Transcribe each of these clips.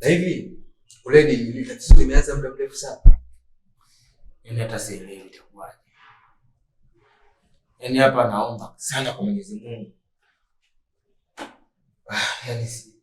Na hivi ule tatizo limeanza muda mrefu sana. Yaani hata sielewi itakuwaje. Yaani hapa naomba sana kwa Mwenyezi Mungu. Ah, yaani si.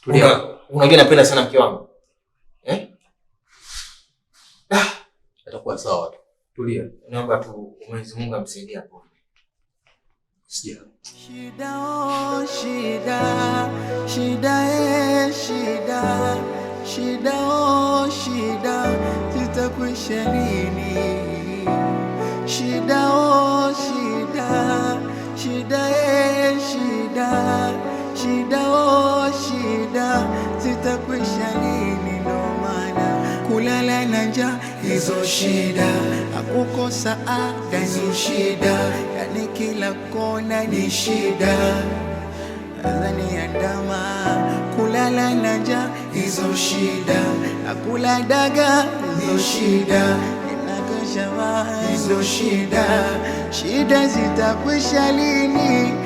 Tulia. Unajua napenda sana mke wangu. Eh? Ah, atakuwa sawa tu. Tulia. Naomba tu Mwenyezi Mungu amsaidie hapo. Sija. Oh, shida, shida, eh, shida, shida, oh, oh, shida, shida, zitakwisha eh, lini? Shida, shida, shida, shida, shida, shida, zitakwisha lini? Ndo maana kulala na njaa hizo shida, hakukosa ada hizo shida, yani kila kona ni shida. Nadhani andama kulala na ja hizo shida, akula daga hizo shida hizo shida, shida zitakwisha lini?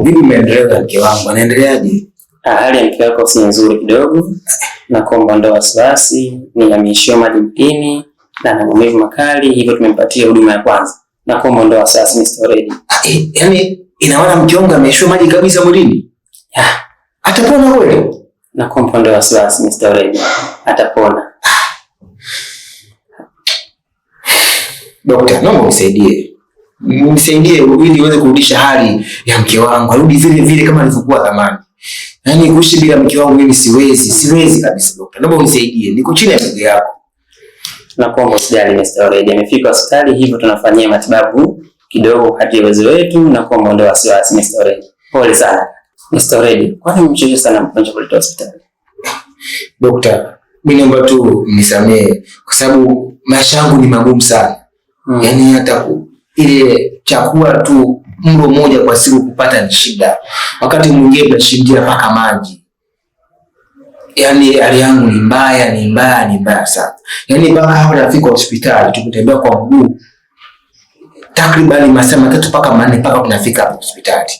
Vipi maendeleo ya mke wangu, anaendeleaje? Ah, hali ya mke wako si nzuri kidogo, na kwamba ndo wasiwasi, ni ameishiwa maji mwilini na ana maumivu makali, hivyo tumempatia huduma ya kwanza, na ndoa wasiwasi ni storage. Ah, eh, yaani inaona mchonga ameishiwa maji kabisa mwilini, ah. atapona wewe? Na kwamba wasiwasi Mr. storage, atapona. Dokta, naomba unisaidie nisaidie ili uweze kurudisha hali ya mke wangu arudi vile vile kama alivyokuwa zamani. Yaani kuishi bila mke wangu mimi siwezi, siwezi kabisa dokta. Naomba unisaidie. Niko chini ya miguu yako. Na kuomba usijali Mr. Oredi Amefika hospitali hivyo tunafanyia matibabu kidogo kadri ya uwezo wetu na kuomba ondoa wasiwasi Mr. Oredi. Pole sana. Mr. Already, kwani umemchosha sana mgonjwa kuleta hospitali? Dokta, mimi naomba tu mnisamee kwa sababu maisha yangu ni magumu sana. Hmm. Yaani hata ile chakula tu mlo mmoja kwa siku kupata ni shida, wakati mwingine tunashindia mpaka maji. Yani hali yangu ni mbaya, ni mbaya, ni mbaya sana, yani mpaka hapo nafika hospitali, tukutembea kwa mguu takriban masaa matatu mpaka manne mpaka tunafika hapo hospitali.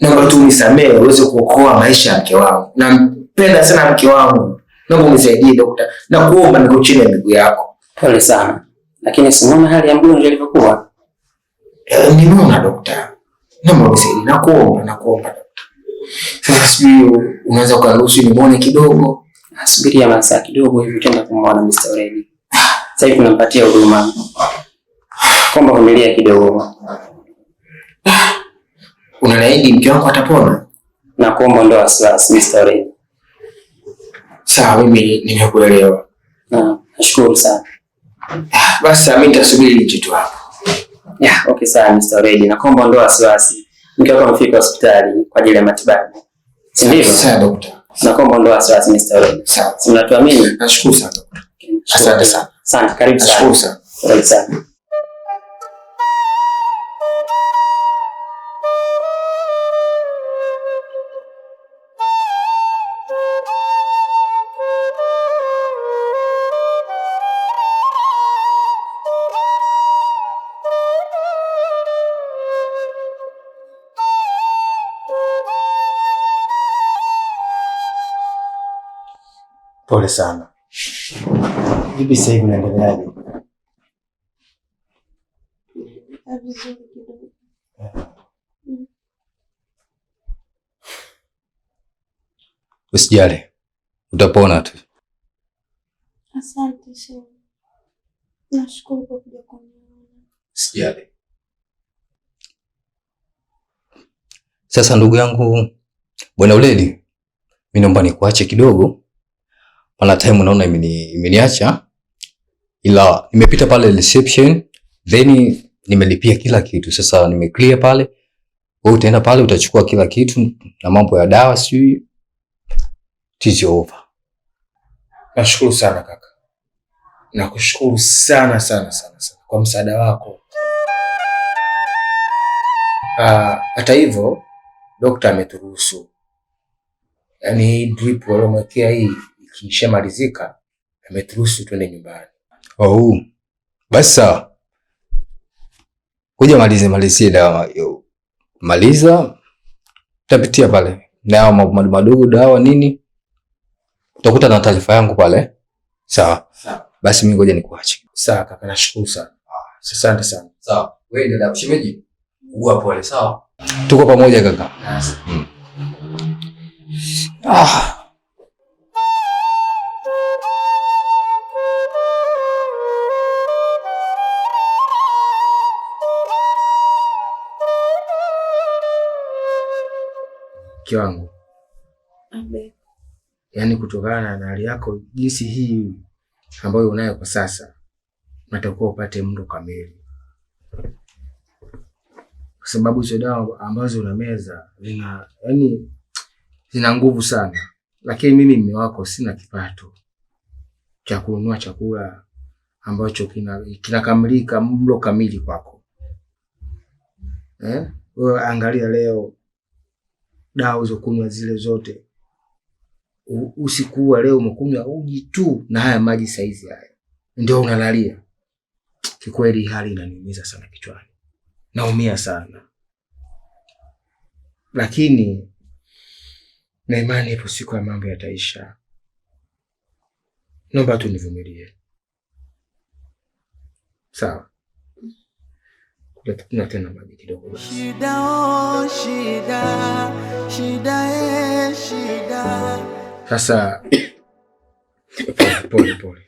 Naomba tu unisamee uweze kuokoa maisha ya mke wangu, nampenda sana mke wangu, naomba unisaidie dokta, nakuomba niko chini ya miguu yako. Pole sana lakini simuona hali ya mgonjwa ilivyokuwa. E, nimeona dokta, namsaidia na kuomba na dokta. Sasa sijui unaweza ukaruhusu nimwone kidogo, asubiria ah, masaa kidogo hivi, tenda kumwona Mr. Redi. Sasa hivi tunampatia huduma, komba familia kidogo. Unaniahidi mke wangu atapona? Na kuomba ndo wasiwasi Mr. Redi. Sawa, mimi nimekuelewa. Ah, nashukuru sana. Basi mimi nitasubiri ni kitu hapo. Yeah, okay sawa Mr. Na Naomba ondoa wasiwasi. Mkiwa kwa mfika hospitali kwa ajili ya matibabu. Si ndivyo? Sawa daktari. Naomba ondoa wasiwasi Mr. Oreji. Sawa. Unatuamini? Nashukuru sana daktari. Asante sana. Sana, karibu sana. Nashukuru sana. Karibu sana. Pole sana. Vipi sasa hivi unaendeleaje? Mm. Usijali, utapona tu. Asante sana. Nashukuru kwa kuja kuniona. Usijali. Sasa ndugu yangu Bwana Uledi, mimi naomba nikuache kidogo maana time naona imeni, imeniacha ila nimepita pale reception then nimelipia kila kitu. Sasa nimeclear pale, wewe utaenda pale utachukua kila kitu na mambo ya dawa sijui tizi over. Nashukuru sana kaka, nakushukuru sana sana sana sana kwa msaada wako. Ah, hata hivyo dokta ameturuhusu, yani drip waliomwekea hii ikishamalizika ameturuhusu tuende nyumbani. Oh, basi sawa, kuja malize malizie dawa maliza, tapitia pale dawa mambo madogo, dawa nini, utakuta na taarifa yangu pale. Sawa sawa, basi, mimi ngoja nikuache. Sawa kaka, nashukuru sana, ah, asante sana. Sawa wewe ndio na shemeji, uwa pole. Sawa, tuko pamoja kaka. Hmm. Ah. mke wangu, yaani kutokana na hali yako jinsi hii ambayo unayo kwa sasa, natakuwa upate mlo kamili, kwa sababu hizo dawa ambazo unameza zina yaani zina nguvu sana, lakini mimi mme wako sina kipato cha kununua chakula ambacho kinakamilika kina mlo kamili kwako eh? Wewe angalia leo dawa kunywa zile zote, usiku wa leo umekunywa uji tu na haya maji saizi haya, ndio unalalia. Kikweli hali inaniumiza sana kichwani, naumia sana lakini na imani ipo, siku ya mambo yataisha. Naomba tu nivumilie, sawa? Tutakutana tena maji kidogo. Shida oh, shida, shida eh, shida. Sasa pole pole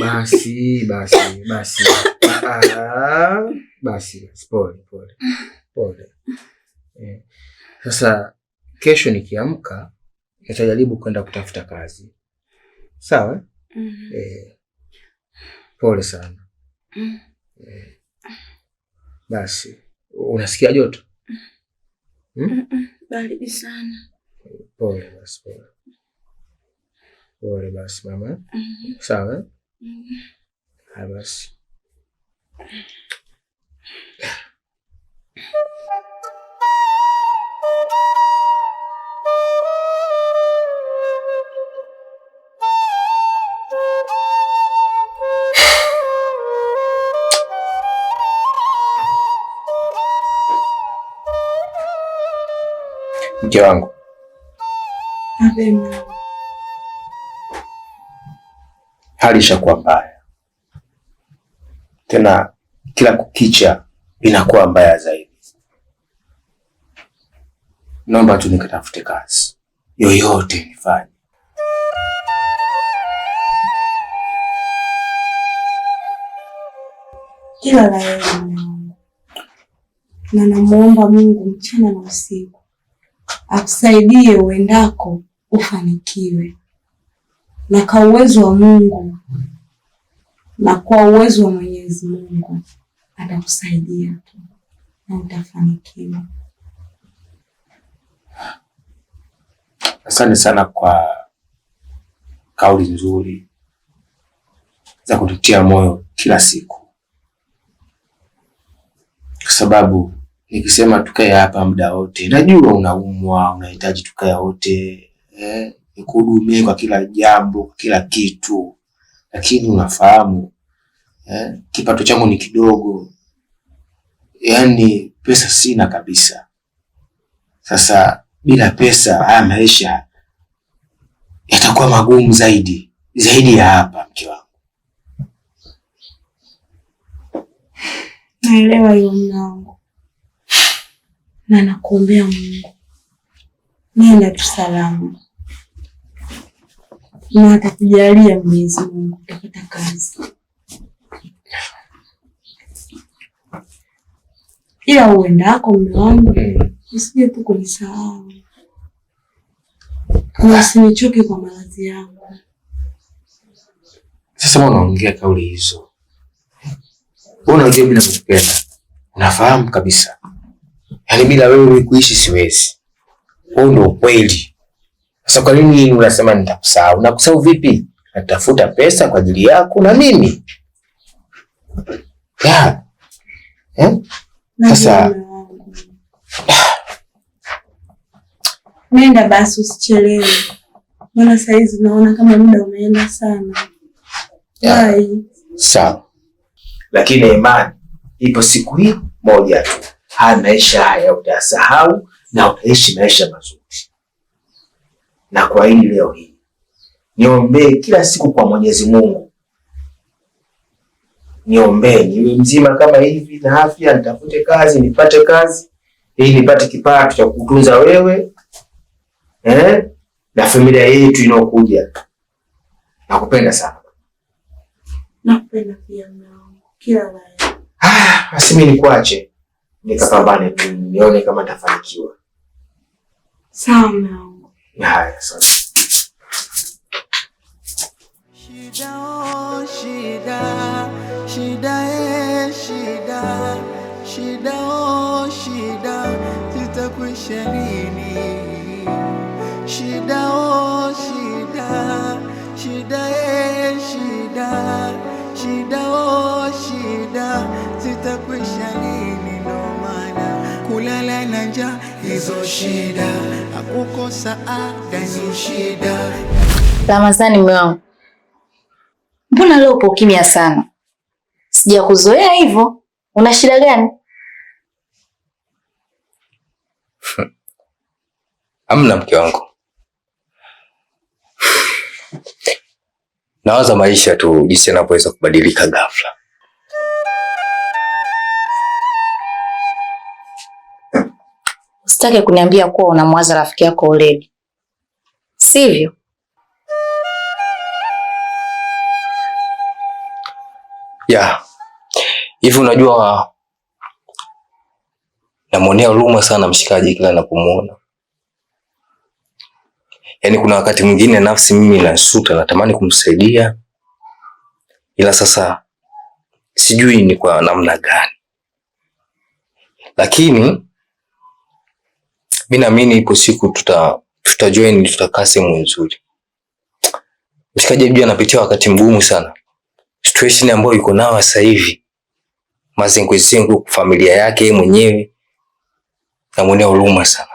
basi basi basi basi pole pole pole. Eh, sasa kesho nikiamka nitajaribu kwenda kutafuta kazi, sawa? mm -hmm. Eh, pole sana mm. eh. Basi unasikia joto? hmm? Baridi sana. Pole basi, pole pole basi mama. Mm-hmm. Sawa, mm-hmm. haya basi mke wangu. Hali ishakuwa mbaya, tena kila kukicha inakuwa mbaya zaidi. Naomba tu nikatafute kazi yoyote nifanye. Kila la heri na namuomba Mungu mchana na usiku akusaidie uendako ufanikiwe, na kwa uwezo wa Mungu na kwa uwezo wa Mwenyezi Mungu atakusaidia tu na utafanikiwa. Asante sana kwa kauli nzuri za kututia moyo kila siku, kwa sababu nikisema tukae hapa muda wote, najua unaumwa, unahitaji tukae wote eh, nikuhudumie kwa kila jambo, kwa kila kitu, lakini unafahamu eh, kipato changu ni kidogo, yani pesa sina kabisa. Sasa bila pesa haya maisha yatakuwa magumu zaidi zaidi ya hapa, mke wangu. Naelewa hiyo mnangu na nakuombea Mungu, nenda tu salama na atakujalia Mwenyezi Mungu, utapata kazi, ila uendako, mume wangu, usije tu kunisahau na usinichuke kwa malazi yangu. Sasa mbona unaongea kauli hizo? unajua mimi nakupenda, unafahamu kabisa Yaani bila wewe kuishi siwezi. Huo ndio kweli. Sasa kwa nini unasema nitakusahau? Nakusahau vipi? Natafuta pesa kwa ajili yako na mimi. Ya. Eh? Sasa nenda basi, usichelewe. Maana saizi naona kama muda umeenda sana. Yeah. Sawa, lakini imani ipo siku hii moja tu haya maisha haya utayasahau na utaishi maisha mazuri. Na kwa hili leo hii niombee kila siku kwa Mwenyezi Mungu, niombee niwe mzima kama hivi na afya, nitafute kazi, nipate kazi ili nipate kipato cha kutunza wewe eh, na familia yetu inayokuja. Nakupenda sana. Nakupenda pia mwanangu. Kila la heri. Ah, basi mimi nikuache nikapambane tu nione kama nitafanikiwa. Sawa mwanangu. Haya, sawa. Oh, shida, shida, eh, shida, shida, oh, oh, shida, shida, zitakwisha eh, lini? Shida, shida, shida, shida, shida, shida, zitakwisha lini? kulala na njaa, hizo shida, akukosa ada, hizo shida. Ramadhani, mume wangu, mbona leo upo kimya sana? Sijakuzoea hivyo, una shida gani? Amna, mke wangu, nawaza maisha tu jinsi yanavyoweza kubadilika ghafla. Usitake kuniambia kuwa unamwaza rafiki yako Uledi, sivyo? Ya hivi, unajua namwonea huruma sana mshikaji kila napomwona. Yaani kuna wakati mwingine nafsi mimi nasuta natamani kumsaidia, ila sasa sijui ni kwa namna gani, lakini mi naamini ipo siku tuta tuta join tutakaa sehemu nzuri. Mshikaji Abdul anapitia wakati mgumu sana, situation ambayo yuko nayo sasa hivi, mazenguzengu, familia yake mwenyewe, namwonea huruma sana.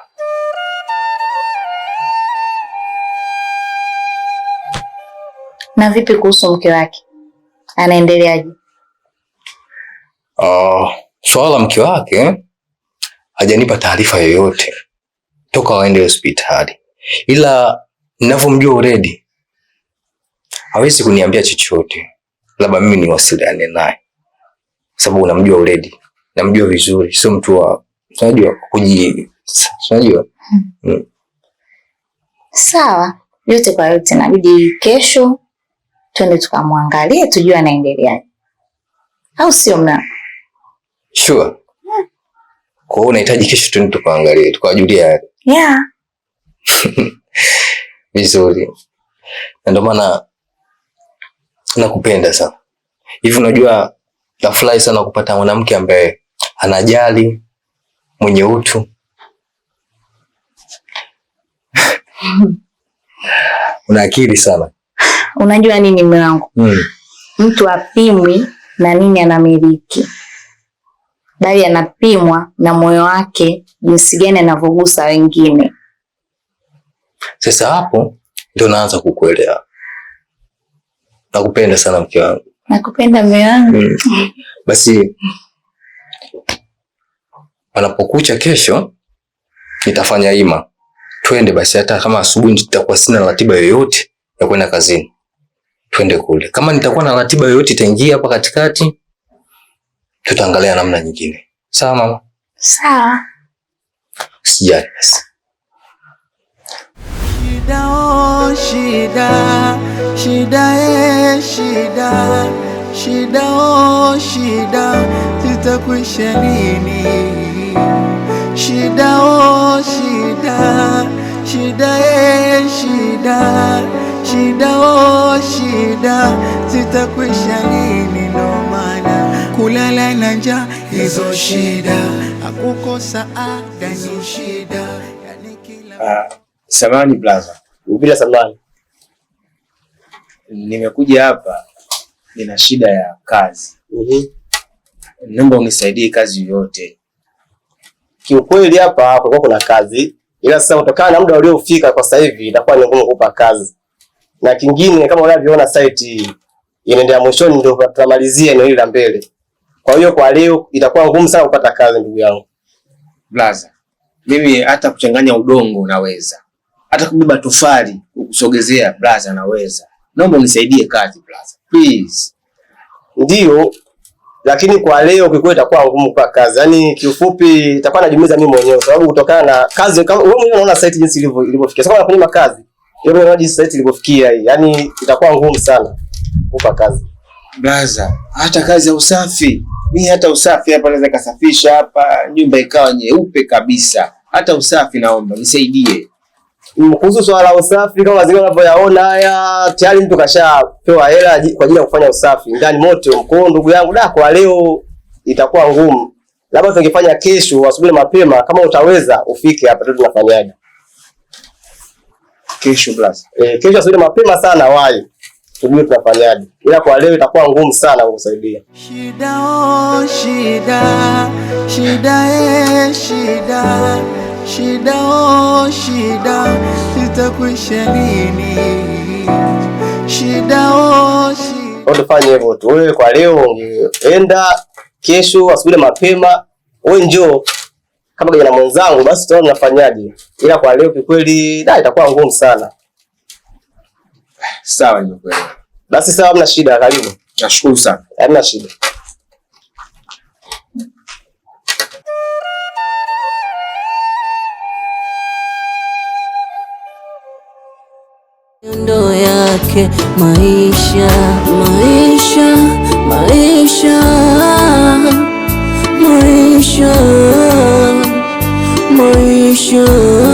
Na vipi kuhusu mke wake, anaendeleaje? Uh, swala mke wake eh, hajanipa taarifa yoyote toka waende hospitali, ila ninavyomjua Uredi hawezi kuniambia chochote, labda mimi niwasiliane naye, sababu unamjua Uredi, namjua vizuri, sio mtu wa unajua kuji unajua hmm. hmm. Sawa, yote kwa yote, nabidi kesho twende tukamwangalie, tujue anaendeleaje, au sio? Mna sure? hmm. Kwa hiyo unahitaji kesho twende tukaangalie, tukawajulia Yeah. Vizuri. Na ndio maana nakupenda sana. Hivi unajua nafurahi sana kupata mwanamke ambaye anajali, mwenye utu. Una akili sana. Unajua nini mume Mm. Mtu apimwi na nini anamiliki bali anapimwa na moyo wake jinsi gani anavyogusa wengine. Sasa hapo ndio naanza kukuelewa. Nakupenda sana mke wangu. Nakupenda mume wangu. Hmm. Basi panapokucha kesho nitafanya ima, twende basi. Hata kama asubuhi nitakuwa sina ratiba yoyote ya kwenda kazini, twende kule. Kama nitakuwa na ratiba yoyote itaingia hapa katikati, tutaangalia namna nyingine. Sawa mama? Sawa. Sijali basi. Shida, oh, shida, shida, eh, shida, shida, oh, shida, zitakwisha lini? Shida, oh, shida, shida, eh, shida, shida, oh, shida, zitakwisha lini? No kulala na njaa, hizo shida akukosa ada ni shida yani kila ah, samani blaza, bila samani, nimekuja hapa, nina shida ya kazi mm -hmm. Naomba unisaidie kazi yoyote kiukweli. Hapa kulikuwa kuna kazi, ila sasa kutokana na muda uliofika kwa sasa hivi itakuwa ni ngumu kupa kazi, na kingine kama unavyoona site inaendea mwishoni, ndio tutamalizia eneo hili la mbele. Kwa hiyo kwa leo itakuwa ngumu sana kupata kazi, ndugu yangu. Blaza, mimi hata kuchanganya udongo naweza, hata kubeba tofali kusogezea, blaza, naweza. Naomba unisaidie kazi blaza, please. Ndio, lakini kwa leo kikweli itakuwa ngumu kwa kazi. Yaani kiufupi itakuwa najiumiza mimi mwenyewe sababu kutokana na kazi kama wewe mwenyewe unaona site jinsi ilivyo ilivyofikia. Sababu nafanya kazi. Wewe unaona jinsi site ilivyofikia hii. Yaani itakuwa ngumu sana kupa kazi. Blaza, hata kazi ya usafi mi hata usafi hapa naweza kasafisha hapa nyumba ikawa nyeupe kabisa. Hata usafi naomba nisaidie. Mm, kuhusu swala la usafi, kama zile unavyoyaona haya, tayari mtu kashapewa hela kwa ajili ya kufanya usafi ndani moto mkoo. Ndugu yangu da, kwa leo itakuwa ngumu, labda tungefanya kesho asubuhi mapema, kama utaweza ufike hapa tu. Tunafanyaje? Kesho basi, eh, kesho asubuhi mapema sana waje tujue tunafanyaje, ila kwa leo itakuwa ngumu sana kukusaidia. Shida oh, shida shida eh, shida shida oh, shida zitakwisha lini? Shida oh, shida. Tufanye hivyo tu, wewe kwa leo ungeenda kesho asubuhi mapema, wewe njoo kama kijana mwenzangu, basi tunafanyaje, ila kwa leo kikweli, da itakuwa ngumu sana. Sawa, nimekuelewa. Basi sawa, mna shida, karibu. Nashukuru sana. Hamna shida. Ndo yake maisha, maisha, maisha, maisha, maisha.